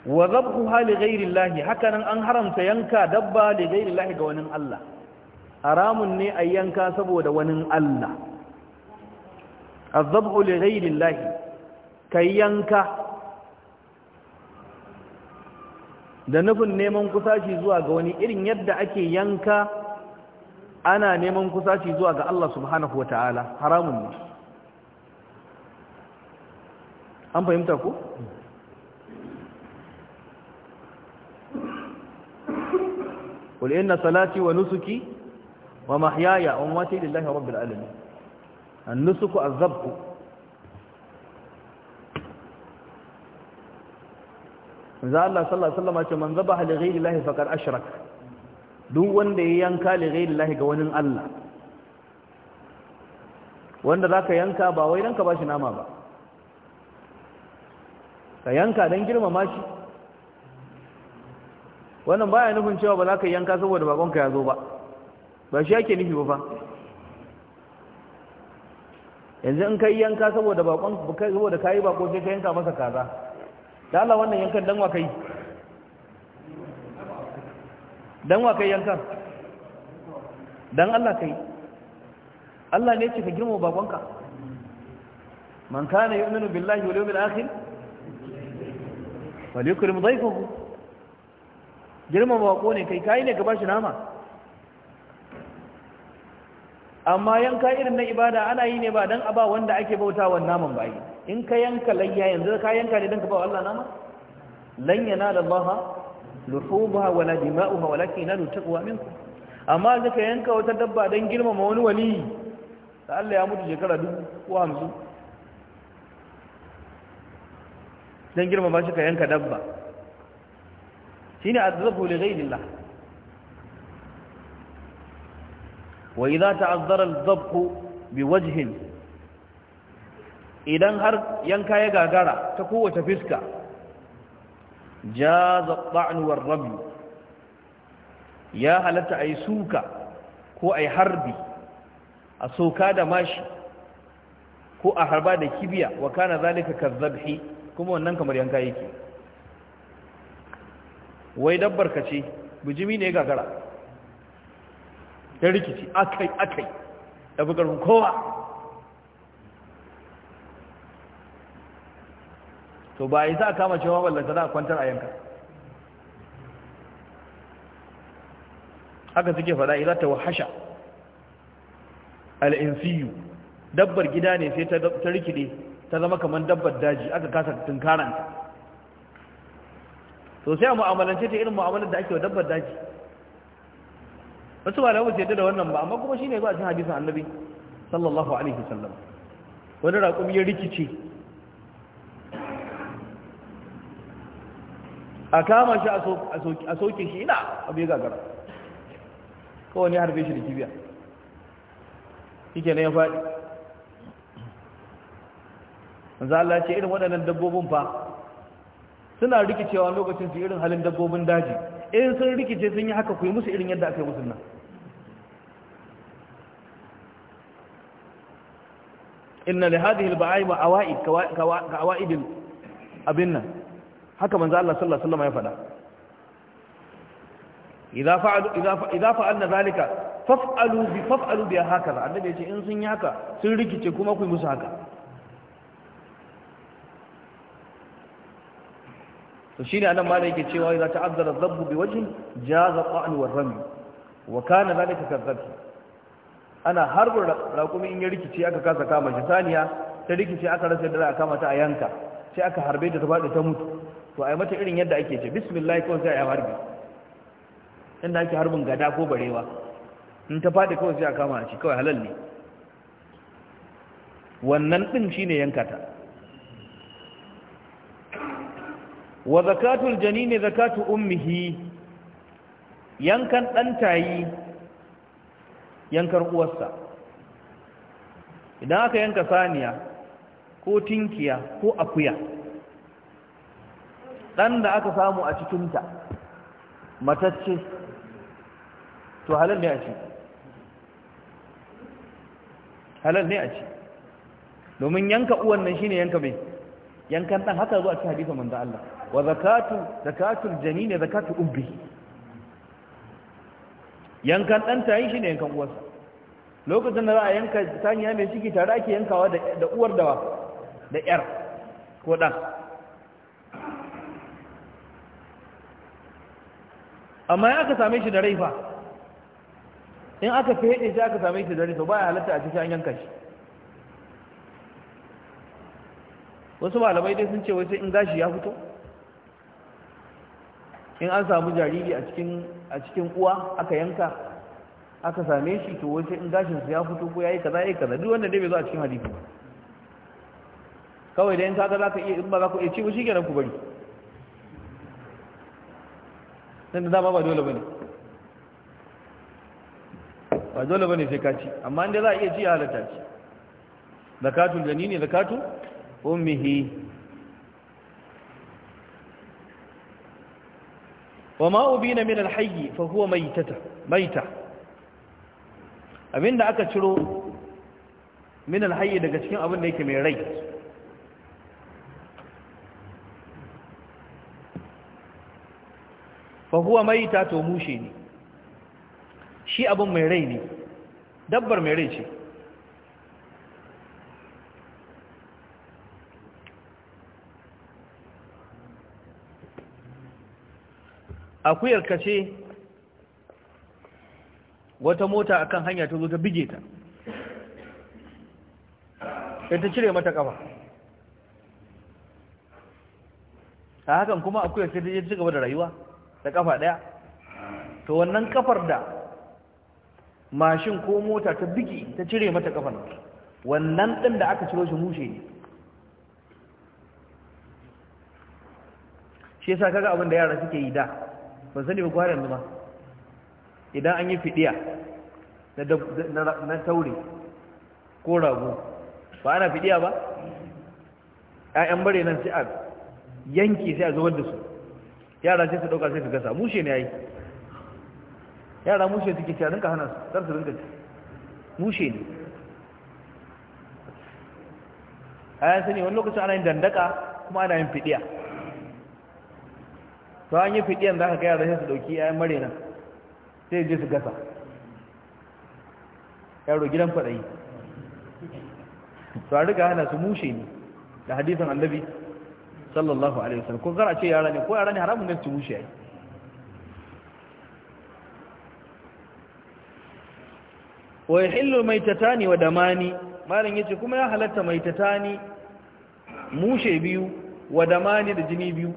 wa zabhuha li ghairi Allah hakanan an haramta yanka dabba li ghairi Allah ga wani Allah haramun ne a yanka saboda wani Allah A azabhu li ghairi Allah kai yanka da nufin neman kusaci zuwa ga wani irin yadda ake yanka ana neman kusaci zuwa ga Allah subhanahu wata'ala haramun ne an fahimta ku? salati wa إن wa ونسكي ومحياي wa لله رب العالمين النسك azabku manzo Allah sallallahu alaihi wasallam ce man zabaha li ghayri llahi faqad ashrak duk wanda ya yanka li ghayri llahi ga wani Allah wanda zaka yanka ba wai ranka bashi nama ba ka yanka dan girmama shi wannan baya nufin cewa ba za ka yanka saboda bakonka ya zo ba ba shi yake nufi ba fa yanzu in ka yi yanka saboda babanka saboda ka yi ko sai ka yanka masa kaza da Allah wannan yankan dan wa kai dan wa kai yankan dan Allah kai Allah ne ce ka girmama bakonka man kana yu'minu billahi wal yawmil akhir wal yukrim dhayfahu Girmama bako ne kai kai ne ka bashi nama amma yanka irin na ibada ana yi ne ba dan aba wanda ake bautawan naman bayi in ka yanka layya yanzu ka yanka ne don ka ba Allah nama lan yanala Allah luhubuha wala dima'uha walakin yanalu taqwa minkum amma zaka yanka wata dabba dan girma ma wani wali da Allah ya mutu shekara dubu ko hamsin don girmama shi ka yanka dabba shine azzabu li ghayrillah wa idha ta'azzara al-dhabhu biwajhin idan har yanka ya gagara ta kowace fiska jaza ta'anuwar rabi ya halatta a yi suka ko a harbi a soka da mashi ko a harba da kibiya wa kana zalika kazzabhi kuma wannan kamar yanka yake wai dabbar ka ce bijimi ne gagara ta rikici akai akai da ƙarfin kowa to ba yi za a kama cewa ballanta za a kwantar a yanka haka suke fada idan ta wahasha al'insiyu dabbar gida ne sai ta rikide ta zama kamar dabbar daji aka kasa tunkaranta to sai a mu'amalance ta irin mu'amalar da ake wa dabbar daji wasu ba da wuce da wannan ba amma kuma shi ne ba a cin hadisun annabi sallallahu alaihi wasallam wani raƙumi ya rikice a kama shi a soke shi ina a bai gagara kawai ne harbe shi da kibiya shike na ya faɗi za Allah ce irin waɗannan dabbobin fa suna rikicewa lokacin su irin halin dabbobin daji in sun rikice sun yi haka ku yi musu irin yadda aka yi musu nan inna li hadhihi al-ba'ayma ka wa'idin abin nan haka manzo Allah sallallahu alaihi wasallam ya faɗa idza fa'alu idza fa'alna zalika faf'alu bi faf'alu bi hakaza annabi yace in sun yi haka sun rikice kuma ku yi musu haka to shine anan malai yake cewa idza ta'azzara dhabbu bi wajhin jaza qa'n war rami wa kana zalika kadhabki ana harbin raƙumi in ya rikice aka kasa kama shi saniya ta rikice aka rasa da aka a kama a yanka sai aka harbe da ta faɗi ta mutu to a yi mata irin yadda ake ce bismillah kawai sai a yi harbi inda ake harbin gada ko barewa in ta faɗi kawai sai a kama shi kawai halal ne wannan ɗin shi ne yankata wa zakatul jani ne zakatu ummihi yankan ɗantayi yankar uwarsa idan aka yanka saniya ko tinkiya ko akuya Dan da aka samu a cikinta matacce to halal ne a ci halal ne a ci domin yanka uwan nan shine yanka mai yankan dan haka zuwa cikin hadisi manzo Allah wa zakatu zakatul janin zakatu ummi yankan dan ta yi shine yankan uwarsa lokacin da za a yanka tanya mai ciki tare ake yankawa da uwar dawa da yar ko dan. amma ya aka same shi da rai fa in aka fede shi aka same shi da rai ba baya halatta a cikin an yanka shi wasu malamai dai sun ce wai sai in gashi ya fito in an samu jariri a cikin a cikin uwa aka yanka aka same shi to wai sai in gashin su ya fito ko yayi kaza yayi kaza duk wanda dai bai zo a cikin hadisi ba kawai da in kaga zaka iya in ba za ku iya ci ba shikenan ku bari tunda dama ba dole bane ba dole bane sai ka ci amma inda za a iya ci ya halatta ci zakatul janini zakatu ummihi wa ma ubina min alhayy fa huwa maytata mayta abinda aka ciro min alhayy daga cikin abin da yake mai rai fa huwa ta to mushe ne shi abin mai rai ne dabbar mai rai ce akuyar ka ce wata mota akan hanya ta zo ta bige ta sai ta cire mata kafa a hakan kuma akuyar sai ta je ci gaba da rayuwa da kafa daya to wannan kafar da mashin ko mota ta bigi ta cire mata kafar wannan din da aka ciro shi mushe ne shi yasa kaga abin da yara suke yi da ban sani ba gwaran ba idan an yi fidiya na taure ko rago ba ana fidiya ba ƴaƴan bare nan sai a yanke sai a zubar da su yara sai su dauka sai su gasa mushe ne yayi yara mushe suke ci rinka hana su kar su rinka ci mushe ne a yan sani wani lokacin ana yin dandaka kuma ana yin fidiya to an yi fidiyan za ka ga yara sai su dauki yayan mare nan sai je su gasa yaro gidan fadayi to a riga hana su mushe ne da hadisin annabi sallallahu alaihi wasallam ko zara ce yara ne ko yara ne haramun ne su wuce yayi wa yahillu maitatani wa damani malam yace kuma ya halatta maitatani mushe biyu wa damani da jini biyu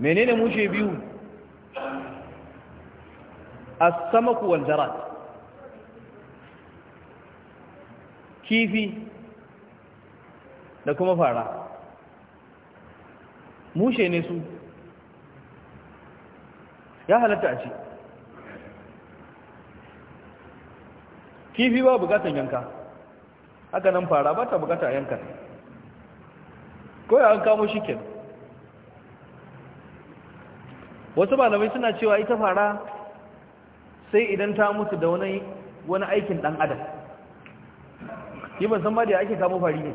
menene mushe biyu as-samaku wal darat kifi da kuma fara mushe ne su ya halatta a ce kifi ba bukatan yanka haka nan fara ba ta bukata a yanka kawai an kamo shi ke wasu malamai suna cewa ita fara sai idan ta mutu da wani aikin dan adam yi ban san ba da ake kamo fari ne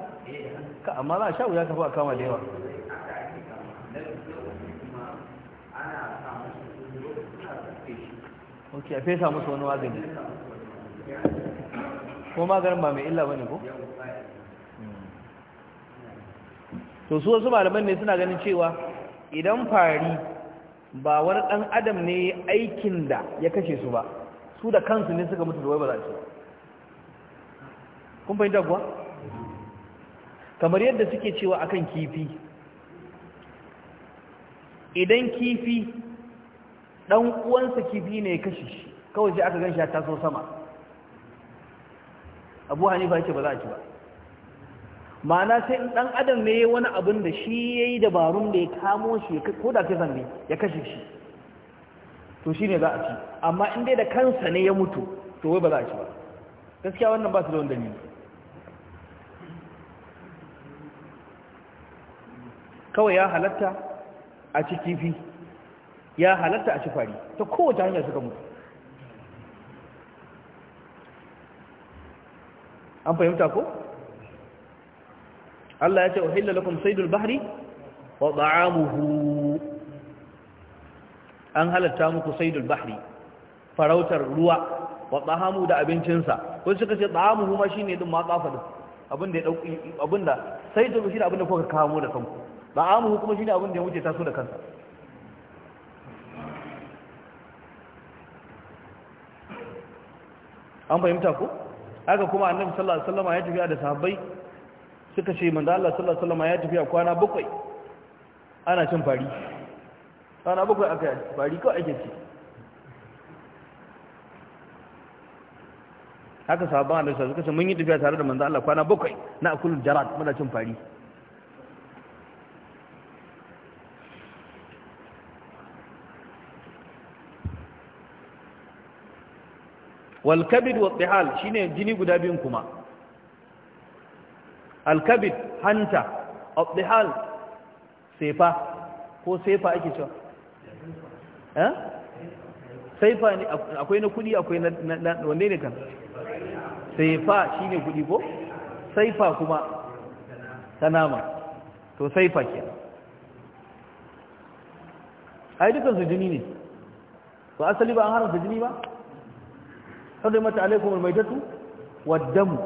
ka amma za a sha wuya kafa a kama da yawa ok a fesa musu wani magani ko maganin ba mai illa ba ko? Hmm. to su wasu malaman ne suna ganin cewa idan fari ba wani dan adam ne aikin da ya kashe su ba su da kansu ne suka mutu da wai ba za su kun fahimta kuwa kamar yadda suke cewa akan kifi idan kifi dan uwansa kifi ne kashi shi kawai sai aka gan shi ta so sama abu hanifa yake ba za a ci ba ma'ana sai dan adam ne wani abin da shi ya yi dabarun da ya kamo shi ko da ke ne ya kashe shi to shi ne za a ci amma in dai da kansa ne ya mutu to wai ba za a ci ba gaskiya wannan ba su da wani dalili kawai ya halatta a ci kifi ya halatta a ci fari ta kowace hanya suka mutu an fahimta ko? Allah ya ce ohilla lakum saidul bahri wa ta'amuhu an halatta muku saidul bahri farautar ruwa wa ta'amu da abincinsa wani suka ce ta'amuhu ma shine din ma tsafa din abinda ya dauki abinda saidul shi abinda kuka kamo da kanku ba'amuhu kuma shi ne abin da ya wuce taso da kansa an fahimta ko haka kuma annabi sallallahu alaihi wasallam ya tafiya da sahabbai suka ce manzo Allah sallallahu alaihi wasallam ya tafiya kwana bakwai ana cin fari kwana bakwai aka fari kawai ake ci haka sahabban annabi suka ce mun yi tafiya tare da manzo Allah kwana bakwai na akulul jarat muna cin fari wal kabid wa tihal shine jini guda biyun kuma al kabid hanta al tihal sefa ko sefa ake cewa eh saifa ne akwai na kudi akwai na wanne ne kan saifa shine kudi ko saifa kuma ta nama to saifa ke ai dukansu jini ne ba asali ba an haramta jini ba hurrimat alaikum almaitatu waddam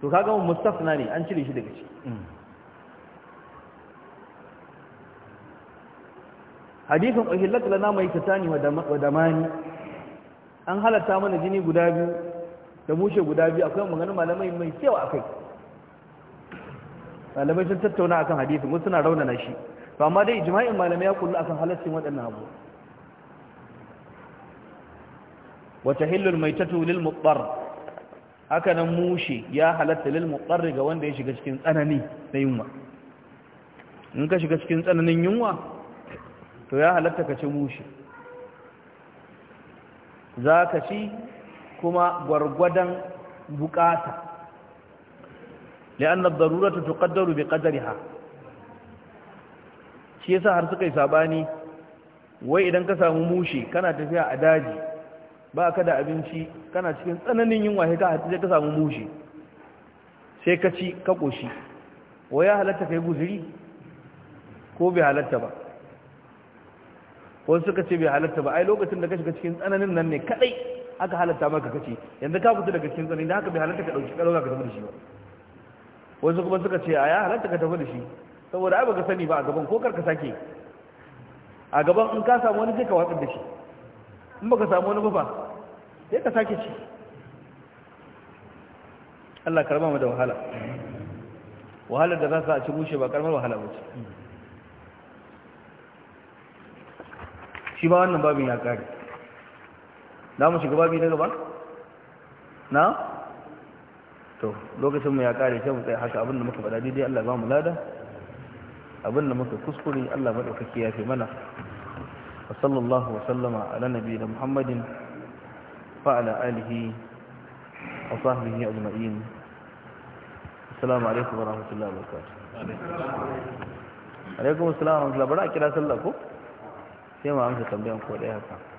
to kaga mustafna ne an cire shi daga ciki hadithun uhillat lana maitatani wa damani an halatta mana jini guda biyu da mushe guda biyu akwai maganar malamai mai kyau akai malamai sun tattauna akan hadisin wasu suna raunana shi to amma dai ijma'in malamai ya kullu akan halaccin waɗannan abubuwa wata hillul mai tatu lil haka nan mushe ya halatta lil ga wanda ya shiga cikin tsanani na yunwa in ka shiga cikin tsananin yunwa to ya halatta ka ci mushe za ka ci kuma gwargwadon bukata li'annar darurata tuqaddaru bi qadariha shi yasa har suka yi sabani wai idan ka samu mushe kana tafiya a daji ba ka da abinci kana cikin tsananin yunwa sai ka hatije ka samu mushi sai ka ci ka koshi ya halatta kai guzuri ko bai halatta ba wasu suka ce bai halatta ba ai lokacin da ka shiga cikin tsananin nan ne kadai aka halatta maka kace yanzu ka fita daga cikin tsananin da haka bai halatta ka dauki kalauka ka tafi da shi ba wasu kuma suka ce a ya halatta ka tafi da shi saboda ai baka sani ba a gaban ko karka sake a gaban in ka samu wani sai ka watsar da shi in ka samu wani ba sai ka sake ci Allah karba mu da wahala wahalar da za su a ci bushe ba karamar wahala ba ce shi ba wannan babin ya kare na mu shiga babi na gaba na to lokacinmu ya kare sai mu tsaye haka abinda muka faɗa daidai Allah ba mu lada abinda muka kuskure Allah maɗaukaki ya fi mana وصلى الله وسلم على نبينا محمد وعلى آله وصحبه أجمعين السلام عليكم ورحمة الله وبركاته عليكم السلام ورحمة الله بركاته kira sallah ko sai mu amsa tambayan ko dai haka